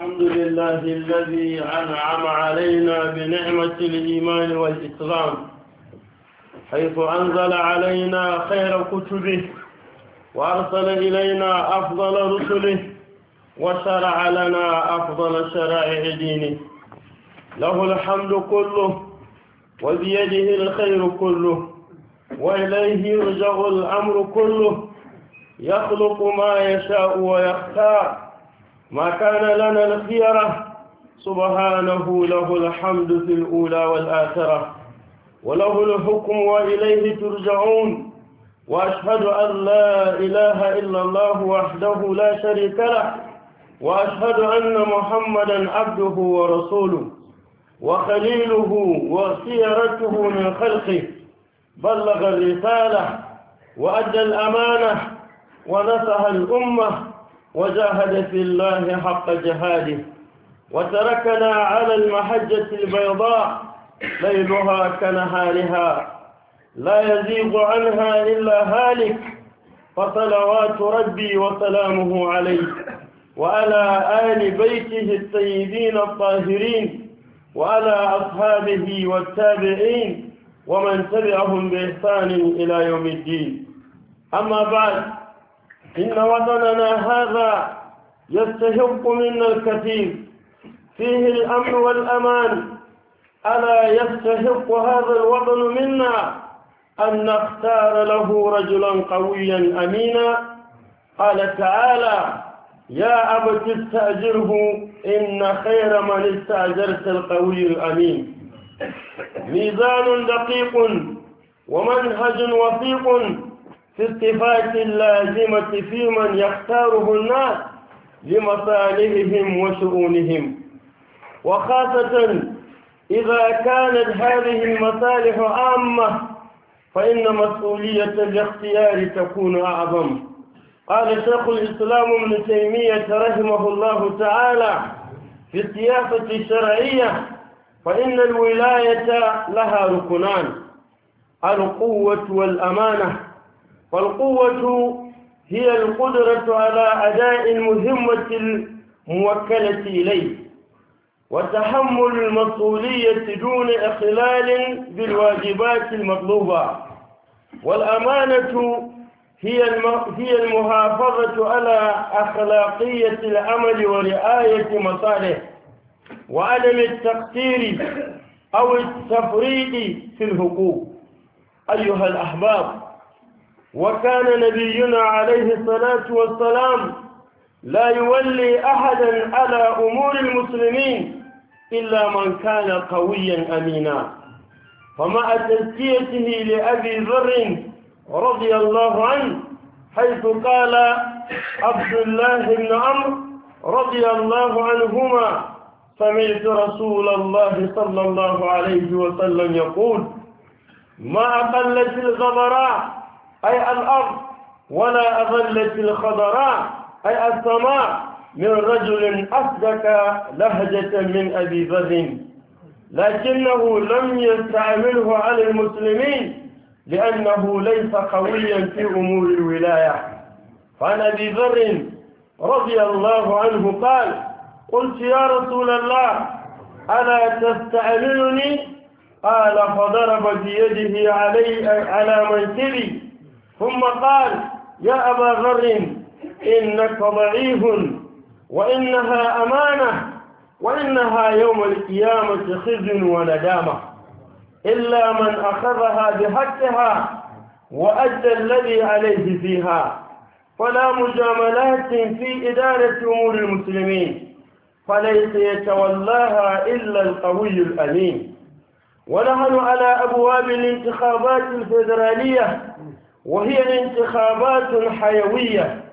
الحمد لله الذي أنعم علينا بنعمة الإيمان والإسلام حيث أنزل علينا خير كتبه وأرسل إلينا أفضل رسله وشرع لنا أفضل شرائع دينه له الحمد كله وبيده الخير كله وإليه يرجع الأمر كله يخلق ما يشاء ويختار ما كان لنا الخيرة سبحانه له الحمد في الأولى والآخرة وله الحكم وإليه ترجعون وأشهد أن لا إله إلا الله وحده لا شريك له وأشهد أن محمدا عبده ورسوله وخليله وسيرته من خلقه بلغ الرسالة وأدى الأمانة ونصح الأمة وجاهد في الله حق جهاده وتركنا على المحجة البيضاء ليلها كنهارها لا يزيغ عنها إلا هالك فصلوات ربي وسلامه عليه وعلى آل بيته الطيبين الطاهرين وعلى أصحابه والتابعين ومن تبعهم بإحسان إلى يوم الدين أما بعد إن وطننا هذا يستحق منا الكثير فيه الأمن والأمان ألا يستحق هذا الوطن منا أن نختار له رجلا قويا أمينا قال تعالى يا أبت استأجره إن خير من استأجرت القوي الأمين ميزان دقيق ومنهج وثيق في الصفات اللازمة في من يختاره الناس لمصالحهم وشؤونهم وخاصة إذا كانت هذه المصالح عامة فإن مسؤولية الاختيار تكون أعظم قال شيخ الإسلام ابن تيمية رحمه الله تعالى في السياسة الشرعية فإن الولاية لها ركنان القوة والأمانة فالقوة هي القدرة على أداء المهمة الموكلة إليه وتحمل المسؤولية دون إخلال بالواجبات المطلوبة والأمانة هي هي المحافظة على أخلاقية العمل ورعاية مصالح وعدم التقصير أو التفريط في الحقوق أيها الأحباب وكان نبينا عليه الصلاة والسلام لا يولي أحدا على أمور المسلمين إلا من كان قويا أمينا فمع تزكيته لأبي ذر رضي الله عنه حيث قال عبد الله بن عمرو رضي الله عنهما سمعت رسول الله صلى الله عليه وسلم يقول ما أقلت الغبراء أي الأرض ولا أظلت الخضراء أي السماء من رجل أصدق لهجة من أبي ذر لكنه لم يستعمله على المسلمين لأنه ليس قويا في أمور الولاية فعن أبي ذر رضي الله عنه قال قلت يا رسول الله ألا تستعملني قال فضرب بيده علي على منكبي ثم قال يا أبا ذر إنك ضعيف وإنها أمانة وإنها يوم القيامة خزي وندامة إلا من أخذها بحقها وأدى الذي عليه فيها فلا مجاملات في إدارة أمور المسلمين فليس يتولاها إلا القوي الأمين ونحن على أبواب الانتخابات الفيدرالية وهي الانتخابات الحيوية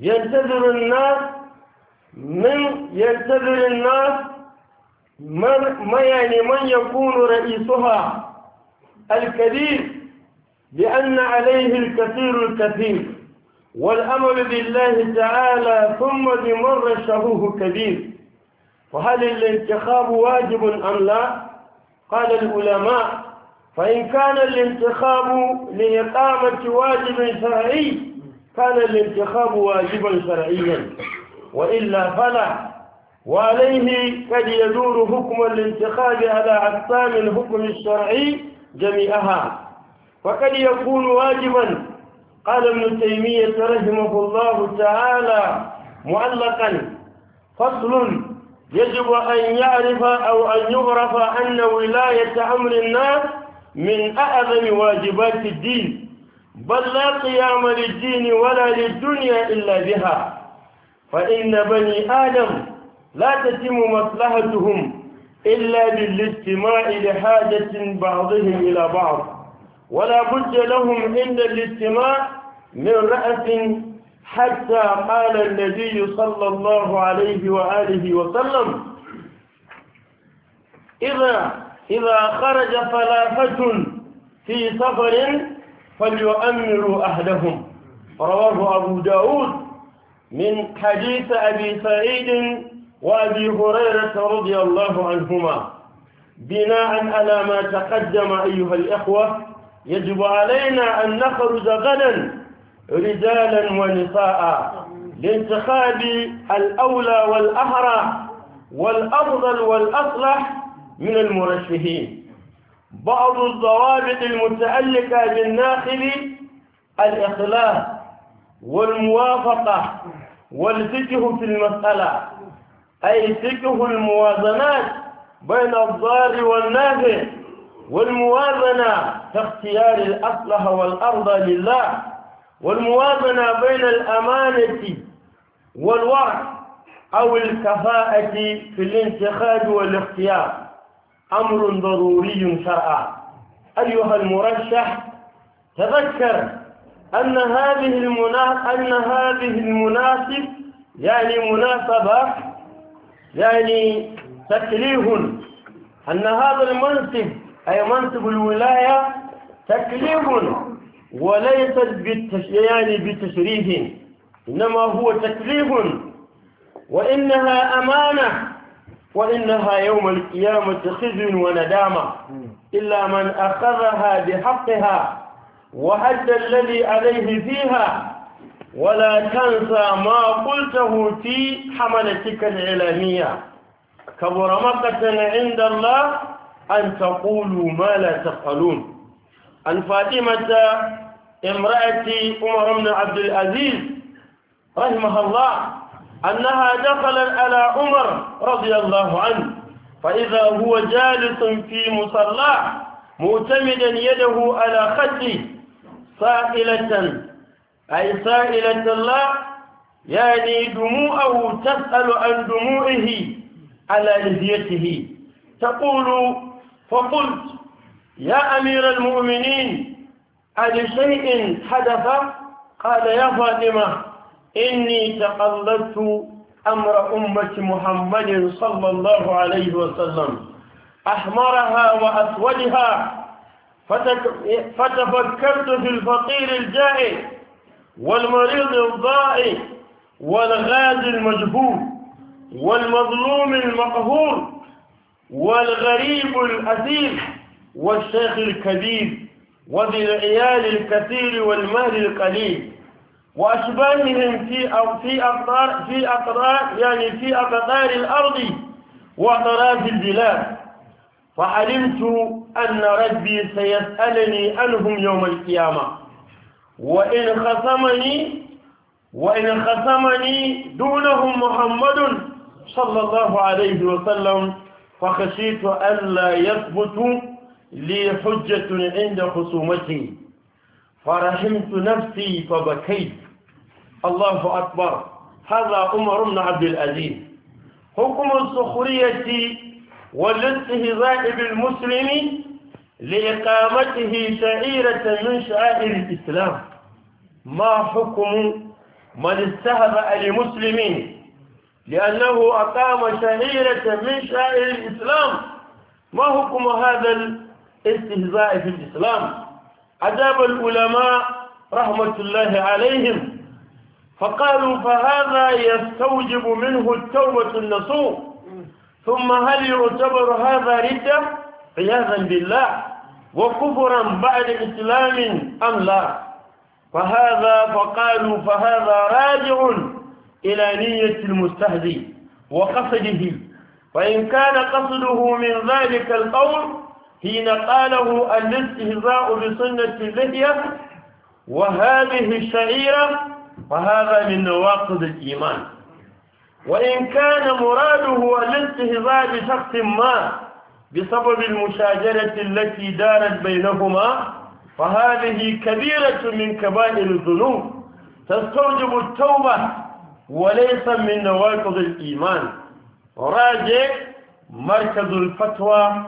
ينتظر الناس من ينتظر الناس من ما يعني من يكون رئيسها الكبير لأن عليه الكثير الكثير والأمل بالله تعالى ثم بمر شهوه كبير فهل الانتخاب واجب أم لا؟ قال العلماء فإن كان الانتخاب لإقامة واجب شرعي كان الانتخاب واجبا شرعيا وإلا فلا وعليه قد يدور حكم الانتخاب على أقسام الحكم الشرعي جميعها وقد يكون واجبا قال ابن تيمية رحمه الله تعالى معلقا فصل يجب أن يعرف أو أن يعرف أن ولاية أمر الناس من أعظم واجبات الدين بل لا قيام للدين ولا للدنيا إلا بها فإن بني آدم لا تتم مصلحتهم إلا بالاستماع لحاجة بعضهم إلى بعض ولا بد لهم عند الاستماع من رأس حتى قال النبي صلى الله عليه وآله وسلم إذا إذا خرج ثلاثة في سفر فليؤمروا أهلهم رواه أبو داود من حديث أبي سعيد وأبي هريرة رضي الله عنهما بناء على ما تقدم أيها الإخوة يجب علينا أن نخرج غدا رجالا ونساء لانتخاب الأولى والأهرى والأفضل والأصلح من المرشحين بعض الضوابط المتعلقة بالناخب الإخلاص والموافقة والفقه في المسألة أي فقه الموازنات بين الضار والنافع والموازنة في اختيار الأصلح والأرض لله والموازنة بين الأمانة والورع أو الكفاءة في الانتخاب والاختيار أمر ضروري شرعا أيها المرشح تذكر أن هذه المنا... أن هذه المناسب يعني مناسبة يعني تكليف أن هذا المنصب أي منصب الولاية تكليف وليس بالتش... يعني بتشريف إنما هو تكليف وإنها أمانة وإنها يوم القيامة خزي وندامة إلا من أخذها بحقها وهد الذي عليه فيها ولا تنسى ما قلته في حملتك العلمية كبر مقة عند الله أن تقولوا ما لا تفعلون عن فاطمة امرأة عمر بن عبد العزيز رحمها الله أنها دخلت على عمر رضي الله عنه فإذا هو جالس في مصلاه معتمدا يده على خده سائلة أي سائلة الله يعني دموعه تسأل عن دموعه على لحيته تقول فقلت يا أمير المؤمنين عن شيء حدث قال يا فاطمة إني تقلدت أمر أمة محمد صلى الله عليه وسلم أحمرها وأسودها فتفكرت في الفقير الجائع والمريض الضائع والغازي المجهول والمظلوم المقهور والغريب الأثير والشيخ الكبير وبالعيال الكثير والمال القليل وأشباههم في أو في أقدار في أقدار يعني في أقدار الأرض وأطراف البلاد فعلمت أن ربي سيسألني عنهم يوم القيامة وإن خصمني وإن خصمني دونهم محمد صلى الله عليه وسلم فخشيت ألا يثبت لي حجة عند خصومتي فرحمت نفسي فبكيت الله أكبر هذا عمر بن عبد العزيز حكم السخرية والاستهزاء بالمسلم لإقامته شعيرة من شعائر الإسلام ما حكم من استهزأ لمسلمين لأنه أقام شعيرة من شعائر الإسلام ما حكم هذا الاستهزاء في الإسلام عذاب العلماء رحمة الله عليهم فقالوا فهذا يستوجب منه التوبة النصوح ثم هل يعتبر هذا ردة عياذا بالله وكفرا بعد إسلام أم لا فهذا فقالوا فهذا راجع إلى نية المستهدي وقصده فإن كان قصده من ذلك القول حين قاله الاستهزاء بسنة الذهية وهذه الشعيرة فهذا من نواقض الإيمان وإن كان مراده الاستهزاء بشخص ما بسبب المشاجرة التي دارت بينهما فهذه كبيرة من كبائر الذنوب تستوجب التوبة وليس من نواقض الإيمان راجع مركز الفتوى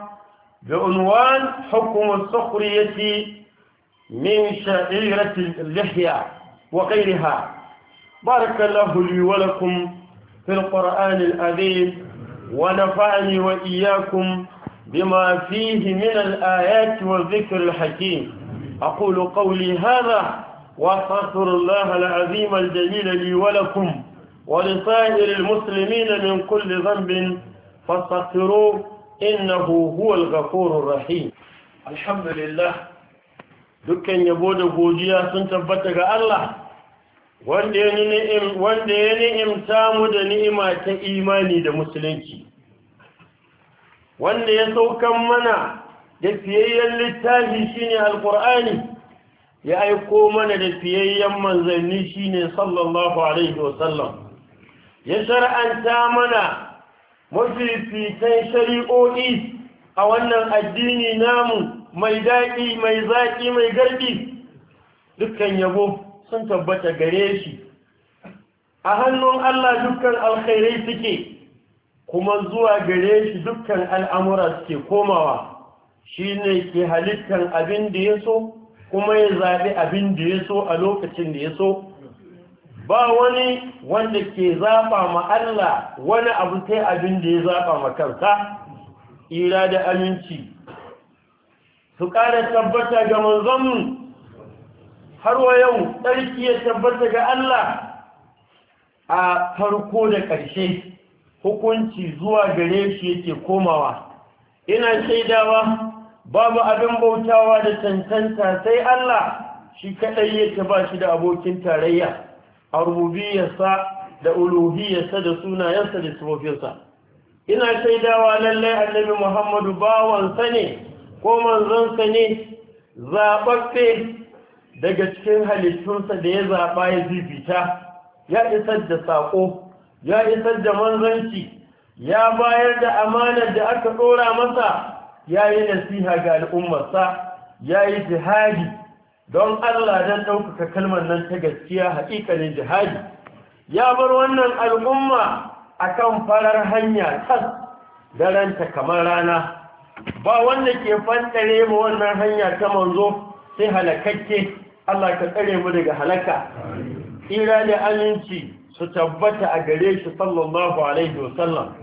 بعنوان حكم السخرية من شعيرة اللحية وغيرها بارك الله لي ولكم في القرآن العظيم ونفعني وإياكم بما فيه من الآيات والذكر الحكيم أقول قولي هذا وأستغفر الله العظيم الجليل لي ولكم ولسائر المسلمين من كل ذنب فاستغفروه إنه هو الغفور الرحيم الحمد لله dukkan yabo da godiya sun tabbata ga Allah wanda ya ni'imta mu da ni'ima ta imani da musulunci wanda ya saukan mana da fiyayyen littafi shine alkur'ani ya aiko mana da fiyayyen manzanni shine sallallahu alaihi wasallam ya shara'anta mana mafi fitan shari'o'i a wannan addini namu mai daɗi mai zaƙi mai garɗi dukkan yabo sun tabbata gare shi a hannun Allah dukkan alkhairai suke kuma zuwa gare shi dukkan al'amura suke komawa shi ne ke halittar abin da ya so kuma ya zaɓi abin da ya so a lokacin da ya so ba wani wanda ke zaɓa ma Allah wani abu sai abin da ya zaɓa ma kansa ira da aminci su ƙara tabbata ga manzanmu har wa yau tsarki ya tabbata ga Allah a farko da ƙarshe hukunci zuwa gare shi yake komawa ina shaidawa babu abin bautawa da cancanta sai Allah shi kaɗai yake ba shi da abokin tarayya a rububiyarsa da uluhiyarsa da sunayensa da tsofinsa ina shaidawa lallai annabi muhammadu bawansa ne ko manzansa ne zaɓaɓɓe daga cikin halittunsa da ya zaɓa ya zibita ya isar da saƙo ya isar da manzanci ya bayar da amanar da aka ɗora masa ya yi nasiha ga al'ummarsa ya yi jihadi don Allah don ɗaukaka kalmar nan ta gaskiya haƙiƙanin jihadi ya bar wannan al'umma a kan farar hanya tas da ranta kamar rana ba wanda ke fantare ma wannan hanya ta manzo sai halakakke Allah ka tsare mu daga halaka tsira da aminci su tabbata a gare shi sallallahu alaihi wasallam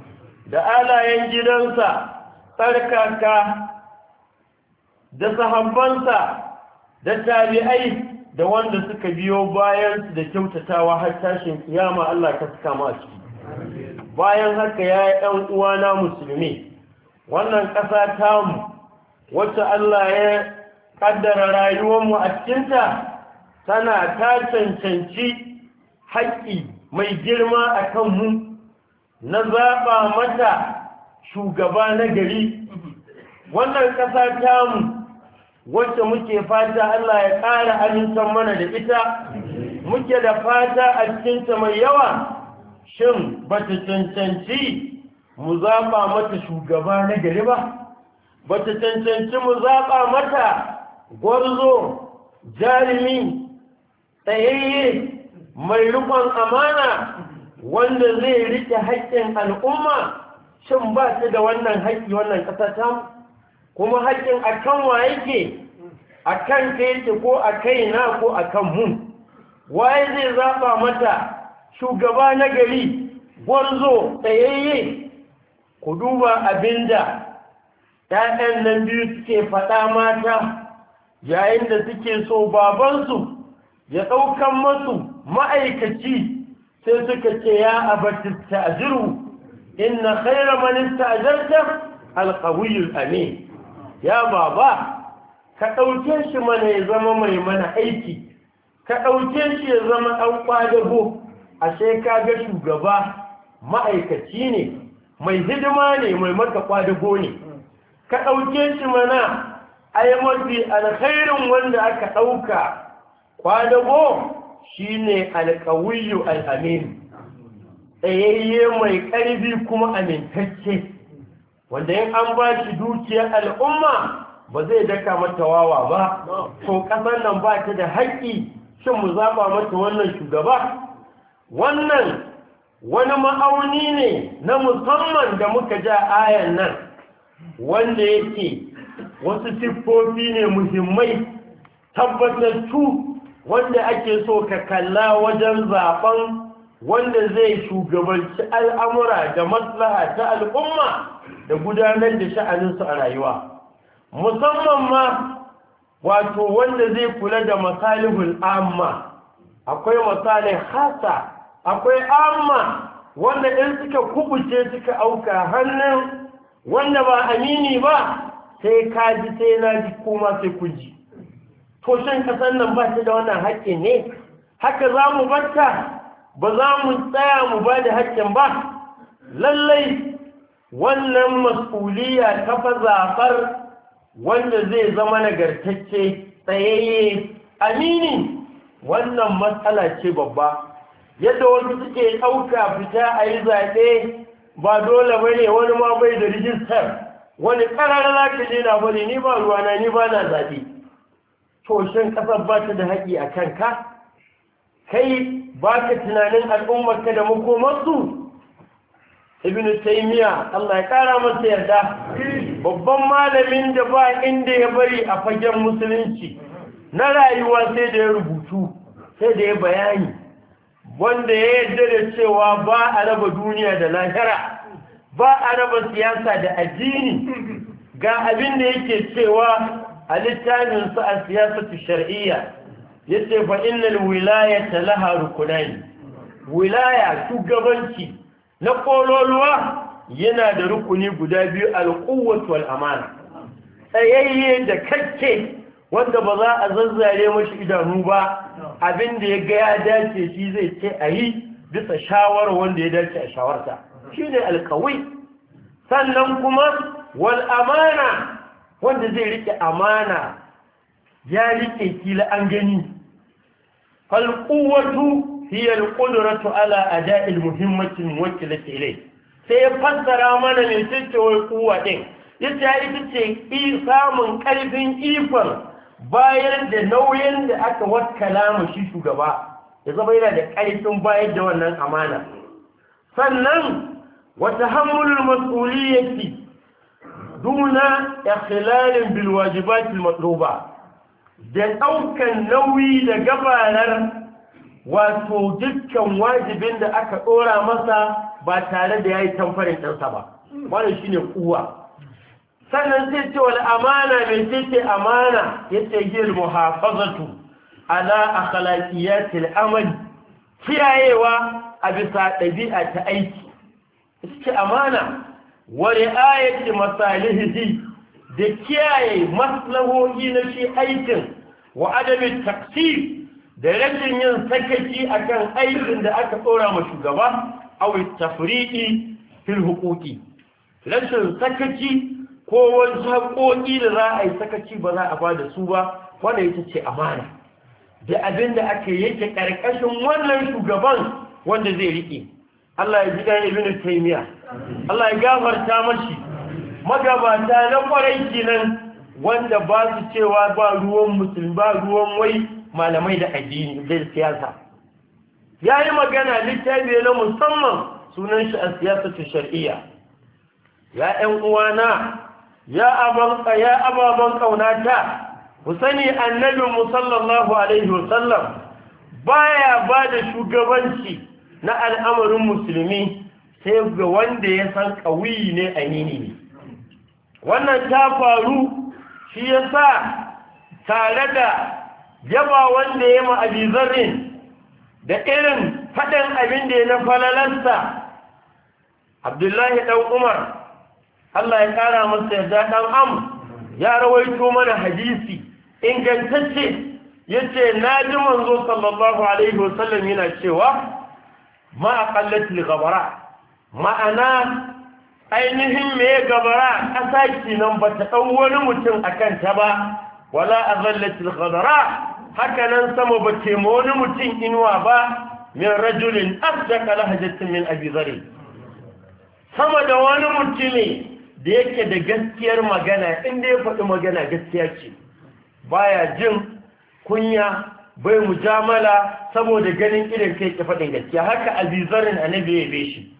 da alayen gidansa tsarkaka da sahabbansa da tabi'ai da wanda suka biyo bayan su da kyautatawa har tashin kiyama Allah ka saka masu. bayan haka ya yi ɗan uwana musulmi wannan ƙasa tamu wacce Allah ya kaddara mu a cikinta tana ta cancanci haƙƙi mai girma a mu na zaɓa mata shugaba na gari wannan ƙasa tamu wacce muke fata Allah ya ƙara amintan mana da ita muke da fata a cikinta mai yawa shin ba ta cancanci mu zaɓa mata shugaba na gari ba ba ta cancanci mu zaɓa mata gwarzo jarumi tsayayye mai rikon amana wanda zai riƙe haƙƙin al'umma shin ba su da wannan haƙƙi wannan ƙasata kuma haƙƙin a kan wa yake a kan ka yake ko a kai na ko a kan mu waye zai zaɓa mata shugaba na gari gwarzo tsayayye ku duba abinda 'ya'yan nan biyu suke faɗa mata yayin da suke so babansu ya ɗaukan masu ma'aikaci sai suka ce ya abata ta'ajiru inna kaira manista ajarta alƙawiyul amin ya baba ka ɗauke shi mana ya zama mai mana aiki ka ɗauke shi ya zama ɗan ƙwadago ashe ka ga shugaba ma'aikaci ne mai hidima ne mai maka ƙwadago ne ka ɗauke shi mana ai mafi alkhairin wanda aka ɗauka kwadago shine alkawiyu al'amin tsayayye mai ƙarfi kuma amintacce wanda yin an ba shi dukiyar al'umma ba zai daka mata wawa ba to ƙasar nan ba ta da haƙƙi shin mu zaɓa mata wannan shugaba wannan wani ma'auni ne na musamman da muka ja ayan nan wanda yake wasu siffofi ne muhimmai tabbatattu wanda ake so ka kalla wajen zaben wanda zai shugabanci al'amura da maslaha ta al'umma da gudanar da sha'aninsu a rayuwa musamman ma wato wanda zai kula da masalihul amma akwai masalin hasa akwai amma wanda in suka kubuce suka auka hannun wanda ba amini ba sai kaji ji sai na ji koma sai ku ji to shan kasan nan ba shi da wannan haƙƙi ne haka za mu barta ba za mu tsaya mu ba da haƙƙin ba lallai wannan masuliya ta fa zafar. wanda zai zama nagartacce tsayayye amini wannan matsala ce babba yadda wasu suke ɗauka fita a yi zaɓe ba dole bane wani ma bai da rijistar wani ƙararra za ka je wani, ni ba ruwana ni ba na zaɓe to ƙasar ba ta da haƙi a kanka kai ba ka tunanin al'ummarka da makomarsu ibn taymiya Allah ya ƙara masa yarda babban malamin da ba inda ya bari a fagen musulunci na rayuwa sai da ya rubutu sai da ya bayani wanda ya yarda da cewa ba a raba duniya da lahira ba a raba siyasa da addini ga abin da yake cewa a littafinsa a ya ce yace fa wilaya ta laha rukunai wilaya shugabanci na kololuwa yana da rukuni guda biyu alquwwatu al'amara amana tsayayye da kakke wanda ba za a zazzare mashi idanu ba abin da ya ga ya dace shi zai ce a yi bisa shawar wanda ya dace a shawarta shine alkawi sannan kuma wal amana wanda zai rike amana ya rike kila an gani fal quwwatu hiya al qudratu ala ada'i al muhimmati muwakkilati ilay sai ya fassara mana ne cece wai kuwa din yace ita ce samun karfin ikon bayar da nauyin da aka wakkala mu shi shugaba ya zama yana da karfin bayar da wannan amana sannan وتحمل المسؤولية دون إخلال بالواجبات المطلوبة da ɗaukan nauyi da gabanar wato dukkan wajibin da aka ɗora masa ba tare da ya yi tamfarin ɗansa ba wani shi ne sannan sai ce wani amana mai tece amana ya ce gil muhafazatu ala akhlaqiyatil amali kiyayewa a bisa ɗabi'a ta aiki suke amana wa ri'ayati masalihi da kiyaye maslahohi na shi aikin wa adabi taqsir da rashin yin sakaci akan aikin da aka tsora ma shugaba aw tafriqi fil huquqi rashin sakaci ko wani haƙoƙi da za a yi sakaci ba za a ba da su ba wanda ya ce amana da abinda da aka yake ƙarƙashin wannan shugaban wanda zai riƙe Allah ya ji ibi ibn taimiya Allah ya gafarta mashi magabata na kwarai kenan wanda ba su cewa ba ruwan musulmi ba ruwan wai malamai da addini da siyasa ya yi magana littafi na musamman sunan shi a siyasa ta shari'a. ya ƴan uwana ya aban ya ababan kaunata ku sani annabi mu alaihi wasallam baya ba da shugabanci na al'amarin musulmi sai ga wanda ya san ƙawiyi ne a nini ne wannan ta faru shi ya sa tare da yaba wanda ya ma'abizarin da irin faɗin abin da ya na falalarsa abdullahi ɗan umar allah ya ƙara masa yadda ɗan am ya rawaito mana hadisi ingantacce ya ce na ji manzo sallallahu alaihi wasallam yana cewa ma aqallatil ghabara ma'ana ainihin me gabara ƙasa nan ba ta ɗau wani mutum a kanta ba wala a zallatul gadara haka nan sama ba ce ma wani mutum inuwa ba min rajulin asdaka lahjatin min abi zari sama da wani mutum da yake da gaskiyar magana inda ya faɗi magana gaskiya ce baya jin kunya bai mujamala saboda ganin irin kai ki faɗin gaskiya haka abizarin annabi ya be shi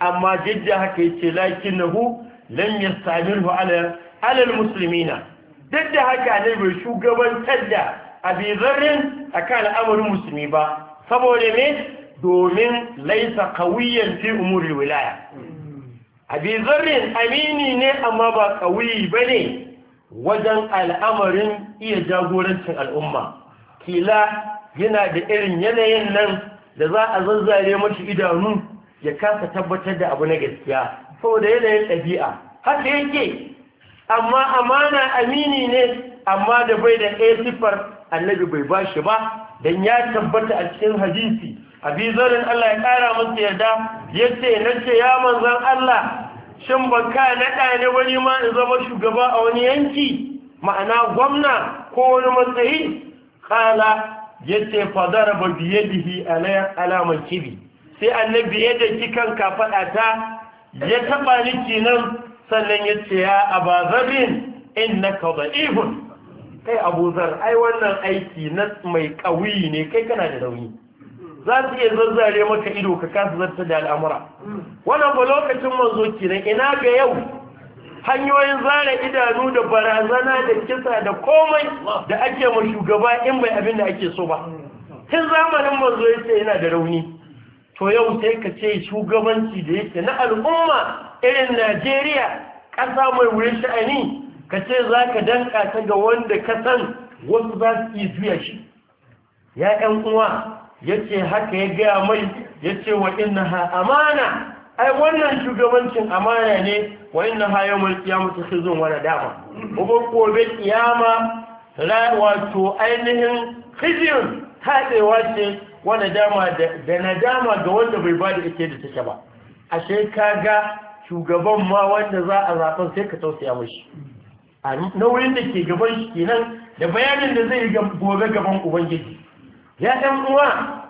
amma jidda haka yace lakinnahu lam yastamirhu ala alal almuslimina duk da haka annabi shugabantar da abizarin akan al'amarin musulmi ba saboda me domin laisa qawiyan fi umuri wilaya abizarin amini ne amma ba qawi bane wajen al'amarin iya jagorancin al'umma kila yana da irin yanayin nan da za a zazzare mashi idanu ya kasa tabbatar da abu na gaskiya saboda yanayin ɗabi'a haka yake amma amana amini ne amma da bai da ɗaya siffar annabi bai ba shi ba don ya tabbata a cikin hadisi abi zarin Allah ya ƙara masa yarda ya ce na ce ya manzan Allah shin ba ka naɗa ne wani ma in zama shugaba a wani yanki ma'ana gwamna ko wani matsayi kala yace fa daraba bi yadihi ala alaman kibi sai annabi ya daki kanka fada ta ya taba ni kinan sannan yace ya abazabin innaka da'ifun kai abuzar ai wannan aiki na mai kawi ne kai kana da rauni za su iya zazzare maka ido ka kasa zarta da al'amura wannan ba lokacin manzo kinan ina ga yau hanyoyin zara idanu da barazana da kisa da komai da ake ma shugaba in bai abin da ake so ba tun zamanin manzo ya ce yana da rauni to yau sai ka ce shugabanci da yake na al'umma irin najeriya ƙasa mai wuri sha'ani ka ce za ka danka ta ga wanda ka san wasu za su yi juya shi Ya'yan ‘yan uwa ya ce haka ya gaya mai ya ce wa na ha amana ai wannan shugabancin amana ne wa inna hayo mul kiyamatu khizun wala dama uban gobe kiyama la wato ainihin khizun hadewa ce wala dama da nadama ga wanda bai bada ake da take ba ashe kaga shugaban ma wanda za a zaben sai ka tausaya mishi a nauyin da ke gaban shi kenan da bayanin da zai gobe gaban ubangiji ya dan uwa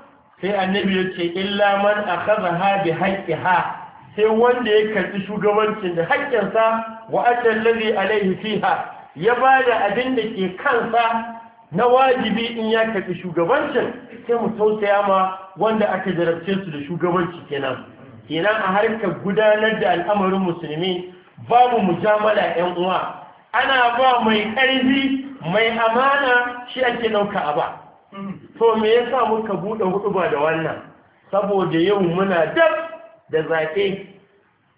sai annabi ya ce illa man akhadha bi haqqiha sai wanda ya karbi shugabancin da haƙƙinsa wa adal ladhi alayhi fiha ya bada abin da ke kansa na wajibi in ya karbi shugabancin sai mu tausaya ma wanda aka jarabce su da shugabanci kenan kenan a harkar gudanar da al'amarin musulmi babu mujamala yan uwa ana ba mai ƙarfi mai amana shi ake ɗauka a ba mm-hmm. to me yasa muka buɗe hudu ba da wannan saboda yau muna dab da zaɓe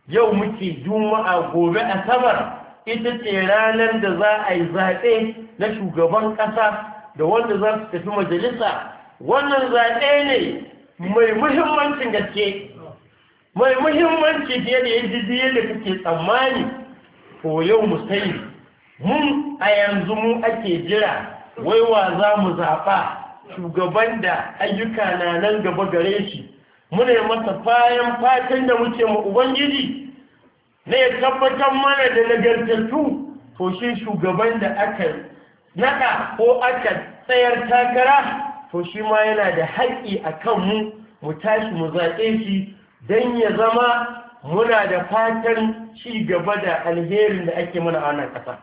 yau muke juma'a gobe asabar ita ce ranar da za a yi zaɓe na shugaban ƙasa da wanda za su tafi majalisa wannan zaɓe ne mai muhimmancin gaske mai muhimmanci fiye da yaji biye da kake tsammani ko yau mu sai mun a yanzu mu ake jira wai wa za mu zaɓa shugaban da ayyuka na nan gaba gare shi muna yi masa fayan fatan da muke ma ubangiji na ya tabbatar mana da nagartattu to shi shugaban da aka naka ko aka tsayar takara to shi ma yana da haƙƙi a kanmu mu tashi mu zaɓe shi don ya zama muna da fatan ci gaba da alherin da ake mana a wannan ƙasa.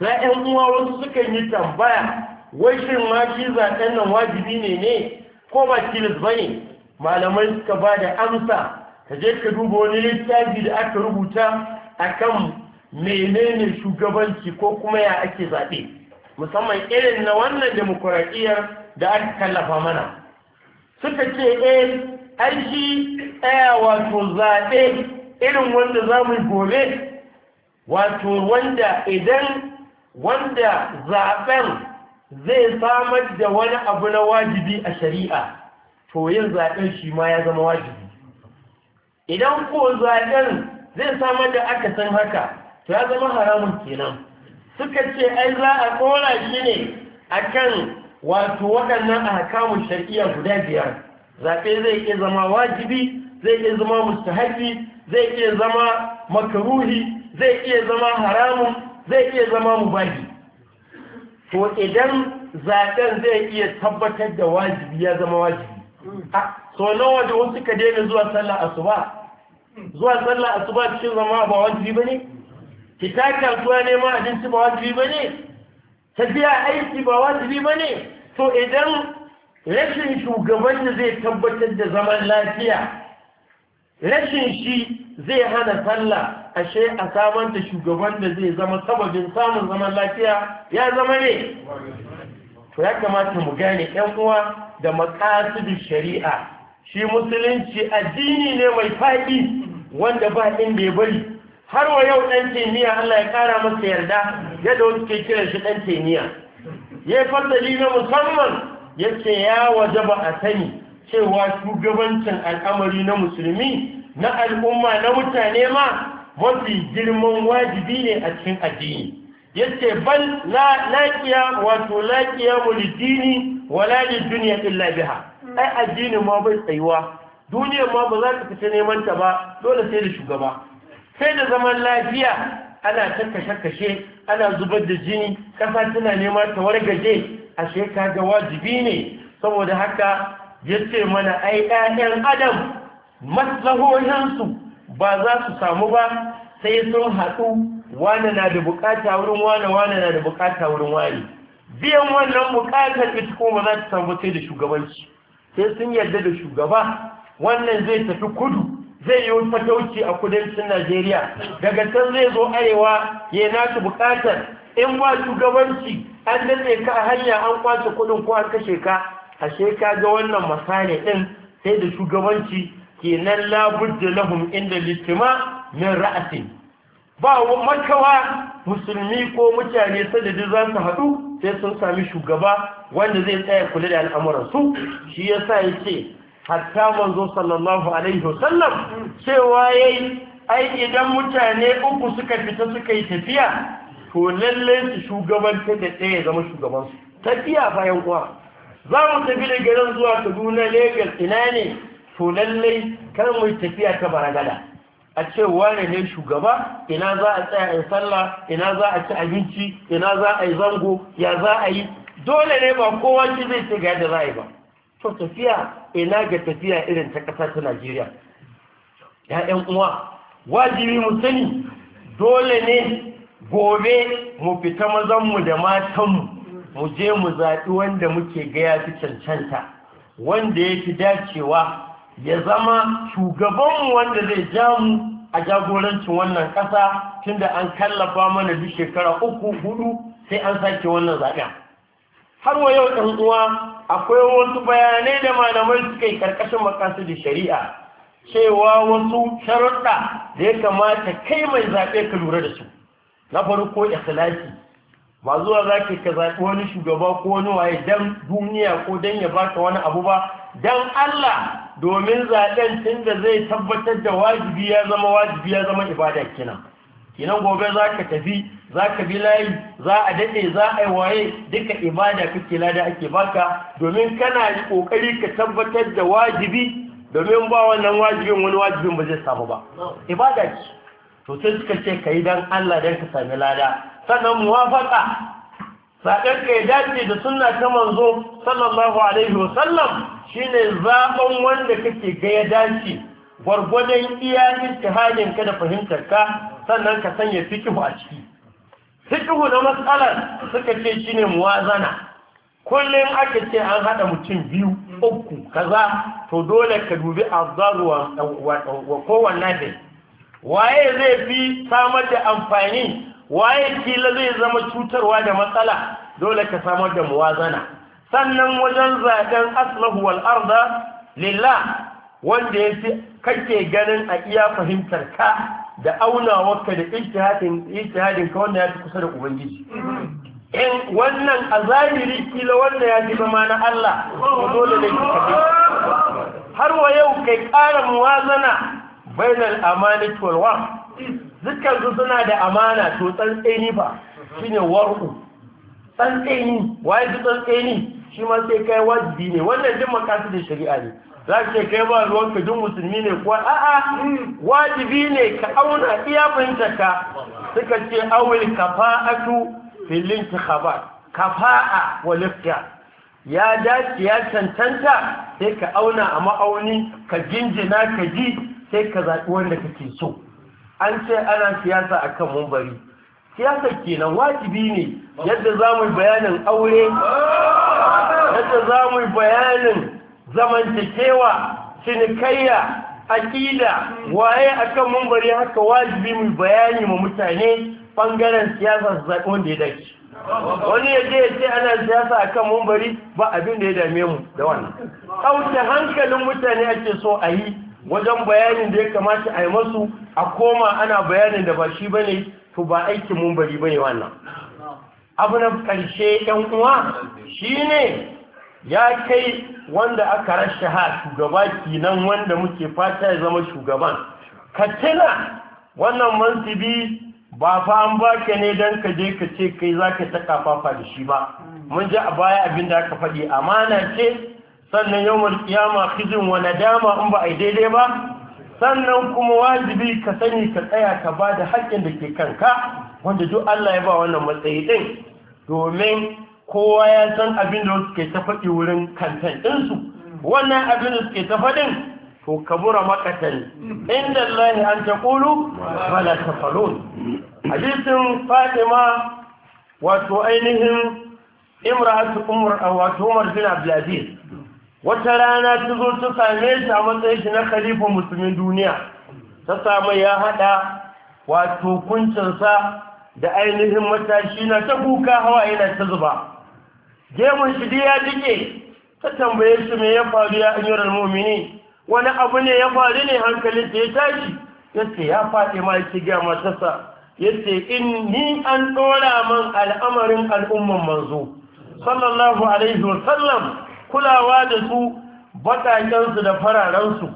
Ra'yan uwa wasu sukan yi tambaya wai shin ma shi zaɓen nan wajibi ne ne ko ba tilis ba ne malamai suka ba da amsa ka je ka duba wani littafi da aka rubuta a kan menene shugabanci ko kuma ya ake zaɓe musamman irin na wannan demokuraɗiyar da aka kallafa mana suka ce eh aiki ɗaya eh, wato zaɓe irin wanda za mu gobe wato wanda idan wanda zaɓen zai samar da wani abu na wajibi a shari'a to yin zaɓen shi ma ya zama wajibi idan ko zaɓen zai samar da aka san haka to ya zama haramun kenan suka ce ai za a kora shi ne akan wato waɗannan kamun shari'a guda biyar zaɓe zai iya zama wajibi zai iya zama mustahabi zai iya zama makaruhi zai iya zama haramun zai iya zama mubahi to idan zaɓen zai iya tabbatar da wajibi ya zama wajibi so nawa da wasu ka daina zuwa sallah asuba zuwa sallah asuba cikin zama ba wajibi ne fita kasuwa neman abinci ba wajibi ne tafiya aiki ba wajibi ne? to idan rashin shugaban da zai tabbatar da zaman lafiya rashin shi zai hana sallah ashe a sabon ta shugaban da zai zama sababin samun zaman lafiya ya zama ne to ya kamata mu gane yan uwa da maqasidin shari'a shi musulunci addini ne mai faɗi wanda ba inda ya bari har wa yau ɗan taimiyya Allah ya ƙara masa yarda yadda wasu ke kira shi ɗan taimiyya ya fasali na musamman ya ce ya waje a sani cewa shugabancin al'amari na musulmi na al'umma na mutane ma mafi girman wajibi ne a cikin addini yace bal la wato laqiya mulidini wala duniya illa biha ai addini ma bai tsayuwa duniya ma ba za ka fita neman ta ba dole sai da shugaba sai da zaman lafiya ana kashe-kashe ana zubar da jini Ƙasa tana nema ta wargaje ashe ga wajibi ne saboda haka yace mana ai ɗayan adam maslahohinsu ba za su samu ba sai sun haɗu wane na da bukata wurin wane wane na da bukata wurin wane biyan wannan bukatar ita kuma za su samu sai da shugabanci sai sun yarda da shugaba wannan zai tafi kudu zai yi fatauci a kudancin najeriya daga can zai zo arewa ya su bukatar in ba shugabanci an daɗe ka a hanya an kwace kudin ko an kashe ka a ka ga wannan masane ɗin sai da shugabanci kenan labudda lahum inda litima min ra'asin ba makawa musulmi ko mutane sadadi za su haɗu sai sun sami shugaba wanda zai tsaya kula da su, shi ya sa ya ce hatta manzo sallallahu alaihi wasallam cewa yayi ai idan mutane uku suka fita suka yi tafiya to lallai su shugabantar da ɗaya zama shugabansu tafiya bayan kuwa za mu tafi da garin zuwa kaduna lagos ina ne to lallai kar mu tafiya ta baragada a ce wane ne shugaba ina za a tsaya a sallah ina za a ci abinci ina za a yi zango ya za a yi dole ne ba kowa shi zai ce ga da za a ba to tafiya ina ga tafiya irin ta ƙasa ta najeriya Ya ya'yan uwa wajibi mu sani dole ne gobe mu fita mazanmu da matan mu mu je mu zaɓi wanda muke gaya fi cancanta wanda ya fi dacewa ya zama shugabanmu wanda zai ja mu a jagorancin wannan ƙasa tunda an kallafa mana duk shekara uku hudu sai an sake wannan zaɓe. har wa yau ɗan uwa akwai wasu bayanai da malamai suka yi karkashin makasu da shari'a cewa wasu sharuɗa da ya kamata kai mai zaɓe ka lura da su na farko ikhlasi ba zuwa za ka zaɓi wani shugaba ko wani waye dan duniya ko dan ya baka wani abu ba Dan Allah domin zaɓen inda zai tabbatar da wajibi ya zama wajibi ya zama ibada kinan kinan gobe za ka tafi za ka bi layi za a daɗe za a yi waye duka ibada kake lada ake baka domin kana yi ƙoƙari ka tabbatar da wajibi domin ba wannan wajibin wani wajibin ba zai samu ba ibada ce to sai suka ce ka yi don Allah don ka sami lada sannan muwafaƙa Zaɓen ka ya dace da sunna ta manzo sallallahu alaihi wa sallam. shine zaɓen wanda kake ga ya dace gwargwadon iyayen ijtihadin ka da fahimtar ka sannan ka sanya fikihu a ciki fikihu na matsalar suka ce shine muwazana kullum aka ce an haɗa mutum biyu uku kaza to dole ka dubi afzaru wa kowanne da waye zai fi samar da amfani waye kila zai zama cutarwa da matsala dole ka samar da muwazana sannan wajen zaben aslahu wal arda lillah wanda fi kake ganin a iya fahimtar ka da aunawarka da ijtihadin ijtihadin ka wanda fi kusa da ubangiji in wannan a zahiri kila wanda ya fi zama na Allah dole ne ka har wa yau kai ƙara muwazana bainal nan wal wa dukkan su suna da amana to tsantseni ba shine warku tsantseni waye su tsantseni shi ma sai kai wajibi ne wannan duk da shari'a ne za ka kai ba ruwanka duk musulmi ne kuwa a'a wajibi ne ka auna iya ka suka ce awil kafa'atu filin tikhabat kafa'a wa ya dace ya cancanta sai ka auna a ma'auni ka jinjina ka ji sai ka zaɓi wanda kake so an ce ana siyasa a kan mumbari siyasa kenan wajibi ne yadda za mu bayanin aure yadda za mu yi bayanin zamantakewa cinikayya aƙida waye akan mumbari haka wajibi mu bayani ma mutane ɓangaren siyasa su zaɓi wanda ya dace wani ya ya ce ana siyasa akan mumbari ba abin da ya dame mu da wannan kauce hankalin mutane ake so a yi wajen bayanin da ya kamata a yi masu a koma ana bayanin da ba shi bane to ba aikin mumbari bane wannan abu na ƙarshe 'yan uwa shine ya kai wanda aka ha shugaba kinan wanda muke fata ya zama shugaban ka wannan mantibi ba fa an ba ka ne don ka je ka ce kai za ka ta kafafa da shi ba mun ji a baya abin da aka faɗi amana ce sannan yau kiyama hijin wa nadama in ba a daidai ba sannan kuma wajibi ka sani ka tsaya ka ba da haƙƙin da ke kanka wanda duk Allah ya ba wannan matsayi ɗin domin kowa ya san abin da suke ta faɗi wurin kantan ɗinsu wannan abin da suke ta faɗin to kabura makatan inda Allah an ta kulu bala ta falon hadisin fatima wato ainihin imratu umar wato umar bin wata rana ta zo ta same shi a matsayin shi na khalifa musulmin duniya ta samu ya hada wato kuncinsa da ainihin matashi na ta kuka hawa yana ta zuba gemun shi ya dike ta tambaye shi me ya faru ya anyar mu'mini wani abu ne ya faru ne hankalin ta ya tashi yace ya faɗi ma yake ga matarsa yace in ni an dora man al'amarin al'umman manzo sallallahu alaihi wasallam kulawa da su su da fararensu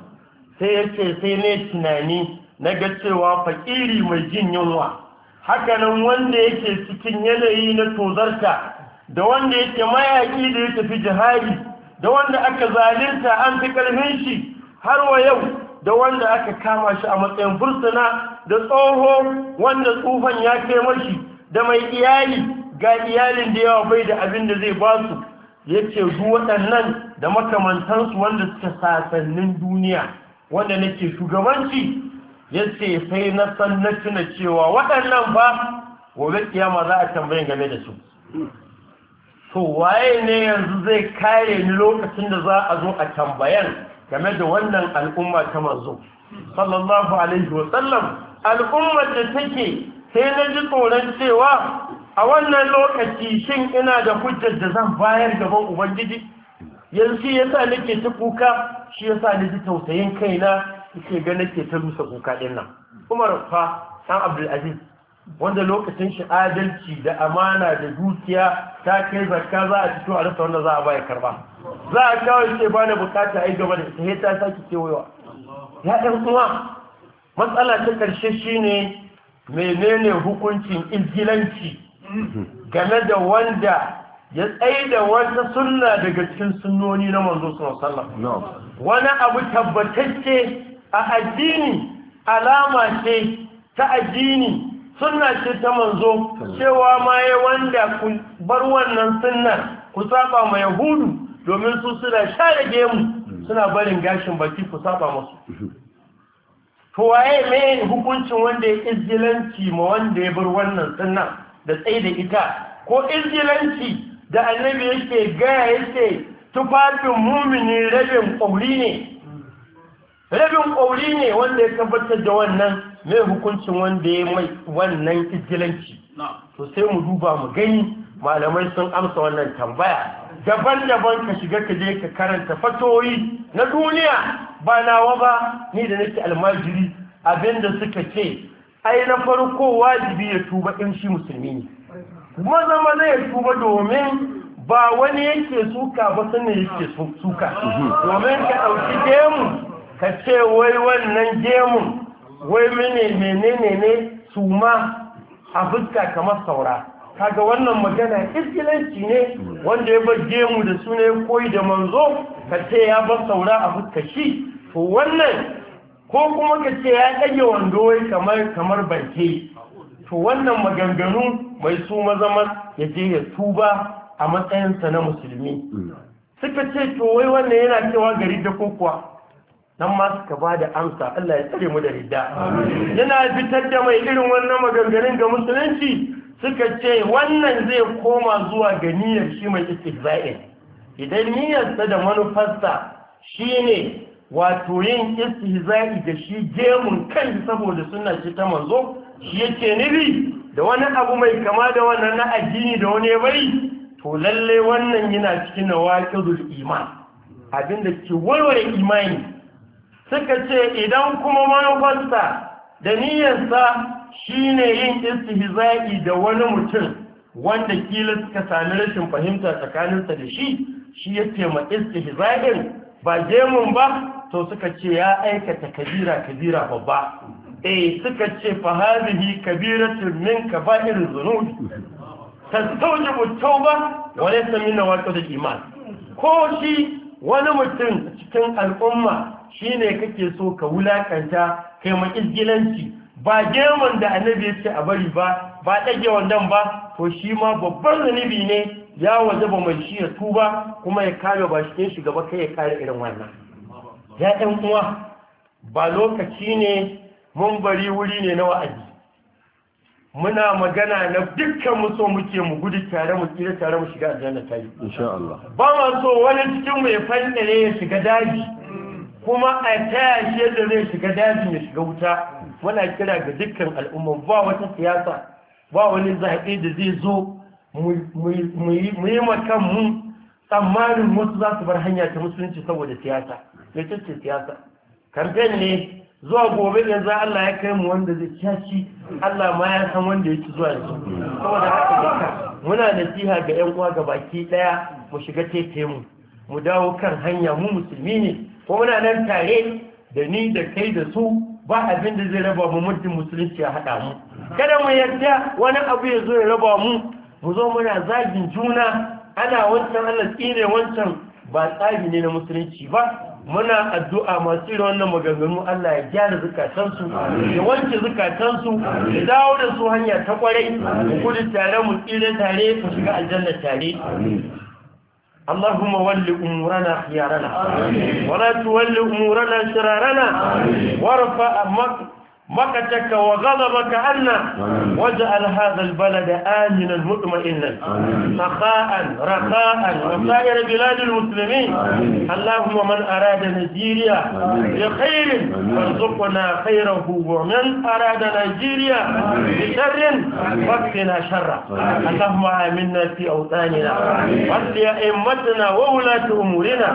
sai yace sai ne tunani na ga cewa fakiri mai jin yunwa hakanan wanda yake cikin yanayi na tozarta da wanda yake mayaƙi da ya tafi jihadi da wanda aka zalunta an fi ƙarfin shi har wa yau da wanda aka kama shi a matsayin fursuna da tsoho wanda tsufan ya kai mashi da mai iyali ga iyalin da yawa bai da abin da zai ba su ya ce su waɗannan da makamantansu wanda suka sasannin duniya wanda nake shugabanci ya ce sai na san na cewa waɗannan ba gobe kiyama za a tambayin game da su to waye ne yanzu zai kare ni lokacin da za a zo a tambayan game da wannan al'umma ta manzo sallallahu alaihi wa sallam, al'ummar da take sai na ji tsoron cewa a wannan lokaci shin ina da hujjar da zan bayar gaban ubangiji yanzu ya sa nake ta kuka shi ya sa tausayin kaina yake ga nake ta rusa kuka dinnan. umar fa san aziz wanda lokacin shi adalci da amana da dukiya ta kai zakka za a fito a rasa wanda za a baya karba za a kawo shi ba na bukata ai gaba da ita sai ta sake kewayewa ya ɗan uwa matsala ta ƙarshe shine menene hukuncin izgilanci game da wanda ya tsaye wata sunna daga cikin sunnoni na manzo sallallahu wani abu tabbatacce a addini alama ce ta addini sunna ce ta manzo cewa ma ya wanda ku bar wannan sunna ku saba ma yahudu domin su suna share gemu suna barin gashin baki ku saba musu to waye me hukuncin wanda ya izgilanci ma wanda ya bar wannan sunna da tsaye da ita ko izgilanci da annabi yake gaya yake tufafin mumini rabin ƙauri ne rabin ƙauri ne wanda ya tabbatar da wannan mai hukuncin wanda ya mai wannan ijilanci to sai mu duba mu gani malamai sun amsa wannan tambaya daban-daban ka shiga ka je ka karanta fatoyi na duniya ba nawa ba ni da nake almajiri abinda suka ce ai na farko wajibi ya tuba in shi musulmi ne maza maza ya tuba domin ba wani yake suka ba ne yake suka mm-hmm. domin ka ɗauki gemu ka ce wai wannan gemun wai mini menene ne su ma a fuska kamar saura kaga wannan magana iskilanci ne wanda ya bar gemu da suna koyi da manzo ka ce ya bar saura a fuska shi to wannan ko kuma ka ce ya ɗage wando wai kamar kamar banke to wannan maganganu mai su mazamar ya je ya tuba a matsayinsa na musulmi hmm. suka ce to wai wannan yana cewa gari da kokuwa nan ma suka ba da amsa Allah ya tsare mu da ridda yana fitar da mai irin wannan maganganun ga musulunci suka ce wannan zai koma zuwa ga niyyar shi mai istihza'in idan niyyarsa da manufarsa shine wato yin istizai da shi gemun kan saboda suna ce ta manzo shi yake nufi da wani abu mai kama da wannan na addini da wani bari to lalle wannan yana cikin nawaqidul iman abinda ke warware imani suka ce idan kuma manufarsa da niyyarsa shine yin istihza'i da wani mutum wanda kila suka sami rashin fahimta tsakaninsa da shi shi ya ce ma istihza'in ba gemun ba to suka ce ya aikata kabira kabira babba eh suka ce fa hadhihi kabiratun min kaba'ir dhunubi tastawjibu tauba wa laysa min nawaqid al-iman ko shi wani mutum cikin al'umma shi ne kake so ka wulaƙanta kai makizgilanci ba girman da annabi ya ce a bari ba ba ɗage wannan ba to shi ma babban zunubi ne ya waje ba mai shi ya tuba kuma ya kare ba shi shi kai ya kare irin wannan ya ɗan uwa ba lokaci ne mun bari wuri ne na wa'azi muna magana na dukkan mu so muke mu gudu tare mu tsira tare mu shiga aljanna yi insha Allah ba ma so wani cikin mu ya ne ya shiga daji kuma a taya shi da zai shiga daji ya shiga wuta muna kira ga dukkan al'umma ba wata siyasa ba wani zaɓe da zai zo mu yi makan mu tsammanin wasu za su bar hanya ta musulunci saboda siyasa ne ce siyasa kamfen ne zuwa gobe da za Allah ya kai mu wanda zai kyaci Allah ma ya san wanda yake zuwa da saboda haka duka muna nasiha ga yan uwa ga baki daya mu shiga tete mu mu dawo kan hanya mu musulmi ne ko muna nan tare da ni da kai da su ba abin da zai raba mu muddin musulunci ya haɗa mu kada mu yarda wani abu ya zo ya raba mu mu zo muna zagin juna ana wancan Allah tsire wancan ba tsari ne na musulunci ba muna addu'a masu irin wannan maganganu Allah ya gyara zukatansu da wanke zukatansu da dawo da su hanya ta kwarai kudu tare mu tsire tare ku shiga aljanna tare اللهم ول أمورنا خيارنا ولا تول أمورنا شرارنا وارفع مقت مكتك وغضبك عنا واجعل هذا البلد آمنا مطمئنا سخاء رخاء وسائر بلاد المسلمين اللهم من أراد نيجيريا بخير فارزقنا خيره ومن أراد نيجيريا بشر فاكفنا شره اللهم آمنا في أوطاننا وأسر أئمتنا وولاة أمورنا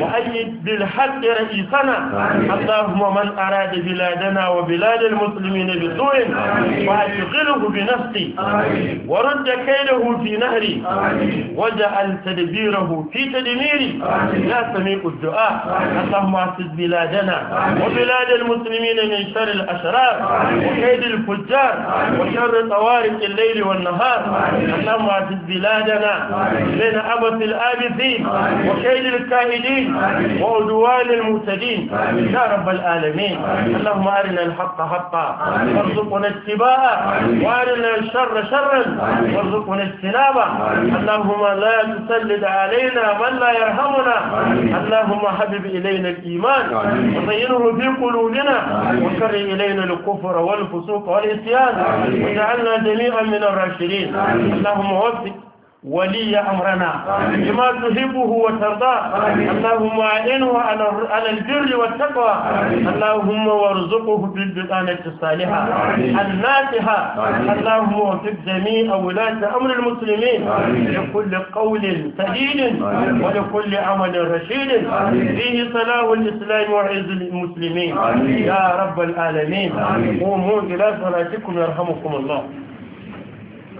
وأيد بالحق رئيسنا اللهم من أراد بلادنا وبلادنا بلاد المسلمين بسوء وأشغله بنفسي ورد كيده في نهري وجعل تدبيره في تدميري لا سميع الدعاء اللهم أعصد بلادنا وبلاد المسلمين من شر الأشرار وكيد الفجار وشر طوارئ الليل والنهار اللهم أعصد بلادنا بين أبث الآبثين وكيد الكائدين وعدوان المهتدين يا رب العالمين اللهم أرنا الحق الحق حقا وارزقنا اتباعه وارنا الشر شرا وارزقنا اجتنابه اللهم لا تسلد علينا من لا يرحمنا اللهم حبب إلينا الإيمان وزينه في قلوبنا وكره إلينا الكفر والفسوق والعصيان واجعلنا جميعا من الراشدين اللهم وفق ولي أمرنا بما تحبه وترضى اللهم أعنه على البر والتقوى اللهم وارزقه بالبطانة الصالحة الناتحة اللهم وفق جميع ولاة أمر المسلمين لكل قول سديد ولكل عمل رشيد فيه صلاح الإسلام وعز المسلمين يا رب العالمين قوموا إلى صلاتكم يرحمكم الله